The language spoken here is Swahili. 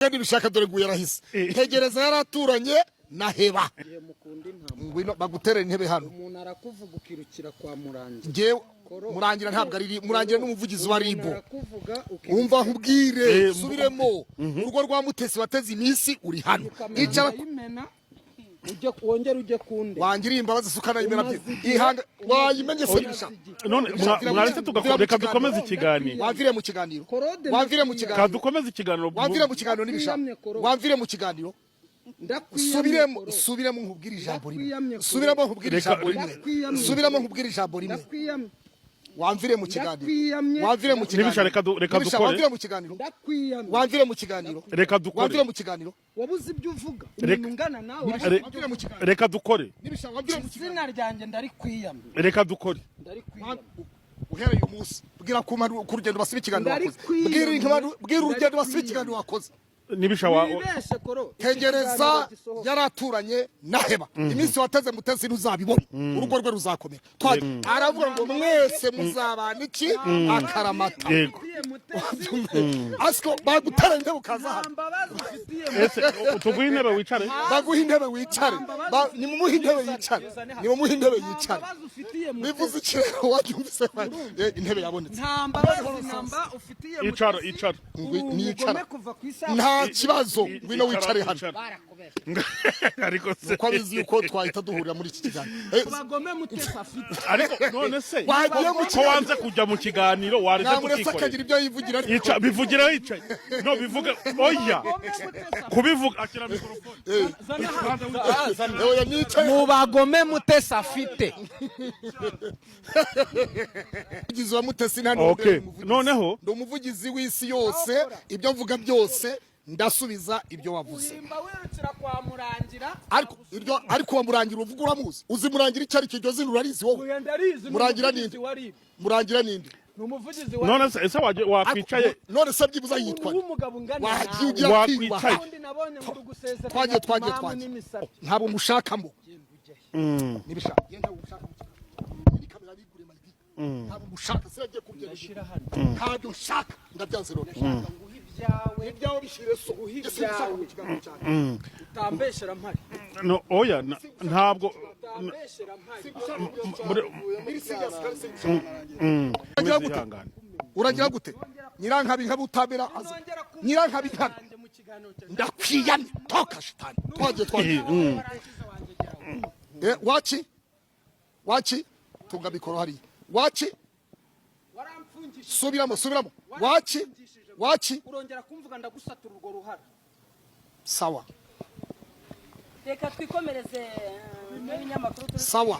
ndi bishaka dore nguye rahise eh. tegereza yaraturanye na heba ngwino baguterera intebe hano umuntu arakuvuga ukirukira kwa murangira ngewe murangira ntabwo ari murangira n'umuvugizi wa ribo wumva nkubwire eh, subiremo mhm. urugo rwa mutesi wateze iminsi uri hano icara wongere ujye kunde wangira imbabazi sukana yimera byihanga wayimenye se bisha none mwaretse tugakoreka dukomeze ikiganiro wavire mu kiganiro wavire mu kiganiro kadukomeze ikiganiro wavire mu kiganiro nibisha wavire mu kiganiro subiremo subiremo nkubwira ijambo rimwe subiremo nkubwira ijambo rimwe subiremo nkubwira ijambo rimwe wamvire mu kiganiro wamvire mu kiganiro reka reka dukore wamvire mu kiganiro wamvire mu kiganiro reka dukore wamvire mu kiganiro wabuze ibyo uvuga ngana nawe reka dukore izina ryanjye ndarikwiyamye reka dukore uhereye umunsi munsi bwira ku rugendo basibe ikiganiro wakoze bwira urugendo basibe ikiganiro wakoze tegereza yaraturanye na heba mm. iminsi wateze mutezi ntuzabibona mm. urugo rwe ruzakomera mm. aravuga ngo mwese muzabana iki akaramata asiko bagutara intebe ukaza tuguhe intebe wicare baguhe intebe wicare nimumuhe intebe yicare nimumuhe intebe yicare bivuze iki rero intebe yabonetse nta mbabazi namba ufitiye nta kibazo ngwino wicare hano nuko abizi twahita duhurira muri iki kiganiro eh, ariko none se wagiye mu wanze kujya mu kiganiro akagira ibyo yivugira bivugira no bivuga oya kubivuga akira eh. ah, mu bagome mutesa afite wa mutesi nta noneho ndi umuvugizi w'isi yose ibyo mvuga byose ndasubiza ibyo wavuze ariko uwo murangira uvuga uramuzi uzi murangira icyo ari cyo zino urarizi wowe murangira ninde murangira ninde none se ese wakwicaye none se byibuze yitwa wagiye ugira kwigwa twagiye twagiye twagiye ntabwo mushakamo nibishaka genda mm. ntabwo mushaka mm. ndabyanze rero mm. ibyawe mm, mm. oya ntabwo mm, uragira gute nyirankabi nyirankabi nkabi ndakwiyamye toka shitani eh, tunga mikoro hariya subiramo subiramo wachi waki urongera kumvuga ndagusatura urwo ruhara sawa reka twikomereze eh, n'ibinyamakuru sawa